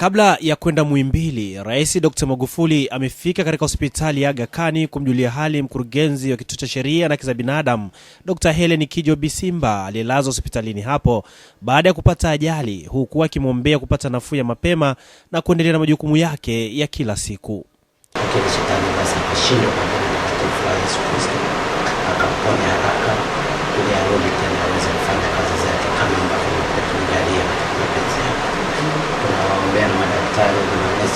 Kabla ya kwenda muimbili Rais Dr. Magufuli amefika katika hospitali ya gakani kumjulia hali mkurugenzi wa kituo cha sheria na kiza za binadamu Dr. Helen Kijo Bisimba aliyelazwa hospitalini hapo baada ya kupata ajali, huku akimwombea kupata nafuu ya mapema na kuendelea na majukumu yake ya kila siku.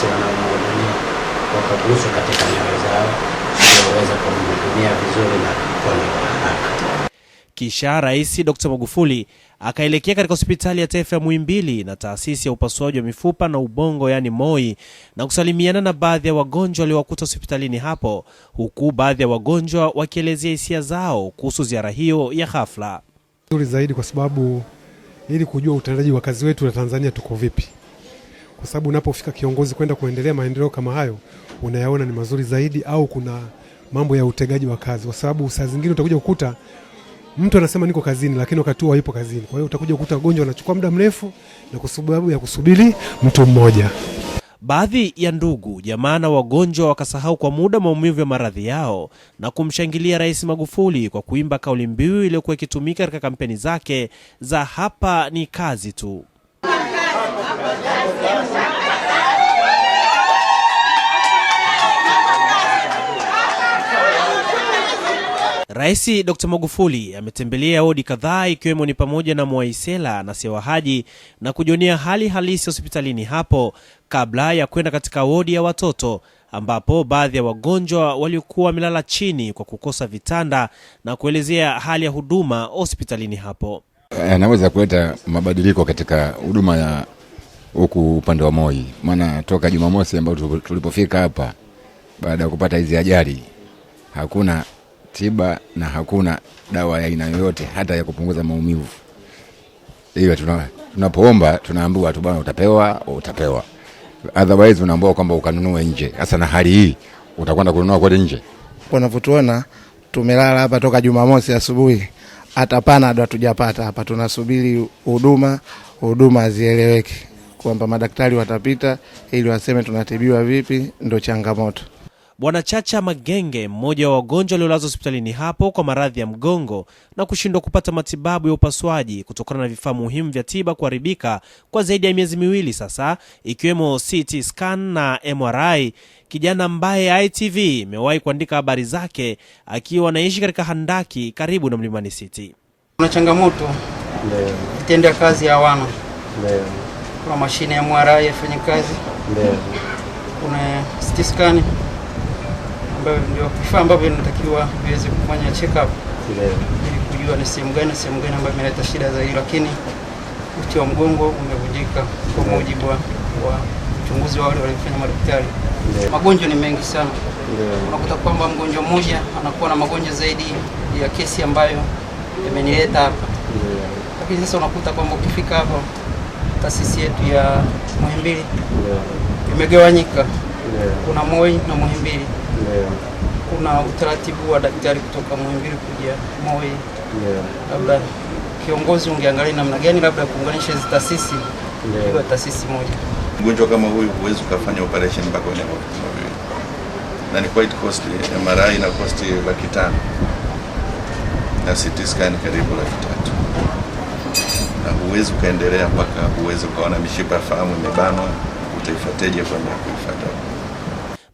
wote wanaomhudumia wakaguswa katika nyoyo zao waweza kumhudumia vizuri na kupona kwa haraka. Kisha Rais Dr. Magufuli akaelekea katika hospitali ya taifa ya muimbili na taasisi ya upasuaji wa mifupa na ubongo yaani MOI na kusalimiana na baadhi ya wagonjwa waliowakuta hospitalini hapo, huku baadhi ya wagonjwa wakielezea hisia zao kuhusu ziara hiyo ya hafla Nzuri zaidi kwa sababu ili kujua utendaji wa kazi wetu na Tanzania tuko vipi kwa sababu unapofika kiongozi kwenda kuendelea maendeleo kama hayo unayaona ni mazuri zaidi, au kuna mambo ya utegaji wa kazi, kwa sababu saa zingine utakuja kukuta mtu anasema niko kazini, lakini wakati huo hayupo kazini. Kwa hiyo utakuja kukuta wagonjwa wanachukua muda mrefu na kwa sababu ya kusubiri mtu mmoja. Baadhi ya ndugu jamaa na wagonjwa wakasahau kwa muda maumivu ya maradhi yao na kumshangilia Rais Magufuli kwa kuimba kauli mbiu iliyokuwa ikitumika katika kampeni zake za hapa ni kazi tu. Rais Dr. Magufuli ametembelea wodi kadhaa ikiwemo ni pamoja na Mwaisela na Sewa Haji na kujionea hali halisi hospitalini hapo kabla ya kwenda katika wodi ya watoto ambapo baadhi ya wagonjwa waliokuwa wamelala chini kwa kukosa vitanda na kuelezea hali ya huduma hospitalini hapo. Anaweza kuleta mabadiliko katika huduma ya huku upande wa Moi, maana toka Jumamosi ambao tulipofika hapa baada ya kupata hizi ajali, hakuna tiba na hakuna dawa ya aina yoyote hata ya kupunguza maumivu. Hiyo tunapoomba tuna tunaambiwa tu bwana, utapewa utapewa, otherwise unaambiwa kwamba ukanunue nje. Hasa na hali hii utakwenda kununua kwa nje? Wanavyotuona tumelala hapa toka Jumamosi asubuhi, hata panado hatujapata hapa, tunasubiri huduma, huduma zieleweke kwamba madaktari watapita ili waseme tunatibiwa vipi, ndo changamoto. Bwana Chacha Magenge, mmoja wa wagonjwa waliolazwa hospitalini hapo kwa maradhi ya mgongo na kushindwa kupata matibabu ya upasuaji kutokana na vifaa muhimu vya tiba kuharibika kwa zaidi ya miezi miwili sasa, ikiwemo CT scan na MRI, kijana ambaye ITV imewahi kuandika habari zake akiwa anaishi katika handaki karibu na Mlimani City. Kuna changamoto, vitendea kazi hawana kuna mashine ya MRI yafanya kazi, kuna CT scan ambayo ndio vifaa ambavyo vinatakiwa viweze kufanya check up ili kujua ni sehemu gani sehemu gani ambayo imeleta shida zaidi, lakini uti wa mgongo umevunjika kwa mujibu wa uchunguzi wa wale waliofanya madaktari. Magonjwa ni mengi sana, unakuta kwamba mgonjwa mmoja anakuwa na magonjwa zaidi ya kesi ambayo yamenileta hapa, lakini sasa unakuta kwamba ukifika hapa taasisi yetu ya Muhimbili yeah. imegawanyika yeah. kuna Moi na Muhimbili yeah. kuna utaratibu wa daktari kutoka Muhimbili kuja Moi yeah. labda kiongozi ungeangalia namna gani labda kuunganisha hizi taasisi yeah. ikiwa taasisi moja. Mgonjwa kama huyu huwezi ukafanya operation mpaka uone vipimo na ni quite costly. MRI na cost laki tano na CT scan karibu laki tano huwezi ukaendelea mpaka uweze ukaona mishipa ya fahamu imebanwa, utaifuateje kwenda kuifuata?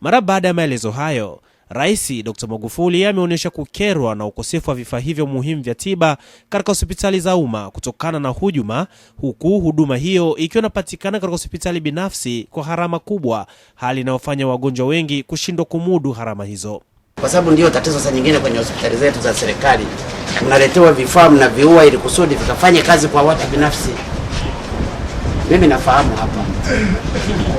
Mara baada ya maelezo hayo, Rais Dr. Magufuli ameonyesha kukerwa na ukosefu wa vifaa hivyo muhimu vya tiba katika hospitali za umma kutokana na hujuma, huku huduma hiyo ikiwa inapatikana katika hospitali binafsi kwa gharama kubwa, hali inayofanya wagonjwa wengi kushindwa kumudu gharama hizo kwa sababu ndio tatizo saa nyingine kwenye hospitali zetu za serikali, mnaletewa vifaa mnaviua ili kusudi vikafanye kazi kwa watu binafsi. Mimi nafahamu hapa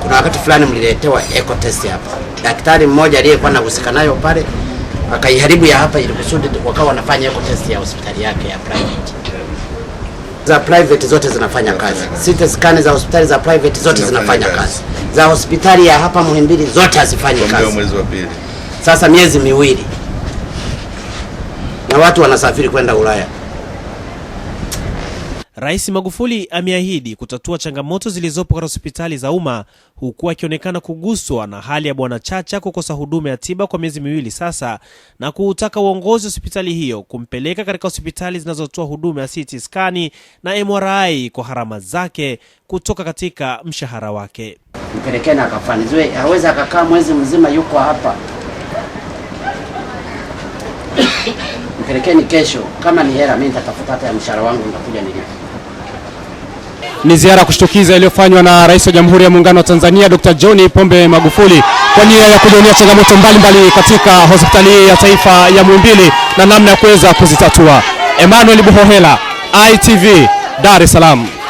kuna wakati fulani mliletewa eco test hapa, daktari mmoja aliyekuwa anahusika nayo pale akaiharibu ya hapa ili kusudi wakawa wanafanya eco test ya hospitali yake ya private. Za private zote zinafanya kazi, CT scan za hospitali za private zote zinafanya kazi, za hospitali ya hapa Muhimbili zote hazifanyi kazi sasa miezi miwili, na watu wanasafiri kwenda Ulaya. Rais Magufuli ameahidi kutatua changamoto zilizopo katika hospitali za umma huku akionekana kuguswa na hali ya Bwana Chacha kukosa huduma ya tiba kwa miezi miwili sasa, na kuutaka uongozi wa hospitali hiyo kumpeleka katika hospitali zinazotoa huduma ya CT scan na MRI kwa gharama zake kutoka katika mshahara wake. Mpelekeni akafanizwe, aweza akakaa mwezi mzima yuko hapa mpelekeni kesho, kama ni hela mimi nitatafuta hata ya mshahara wangu nitakuja nilipe. Ni ziara ya kushtukiza iliyofanywa na Rais wa Jamhuri ya Muungano wa Tanzania Dr. John Pombe Magufuli kwa nia ya kujionia changamoto mbalimbali katika hospitali ya taifa ya Muhimbili na namna ya kuweza kuzitatua. Emmanuel Buhohela, ITV, Dar es Salaam.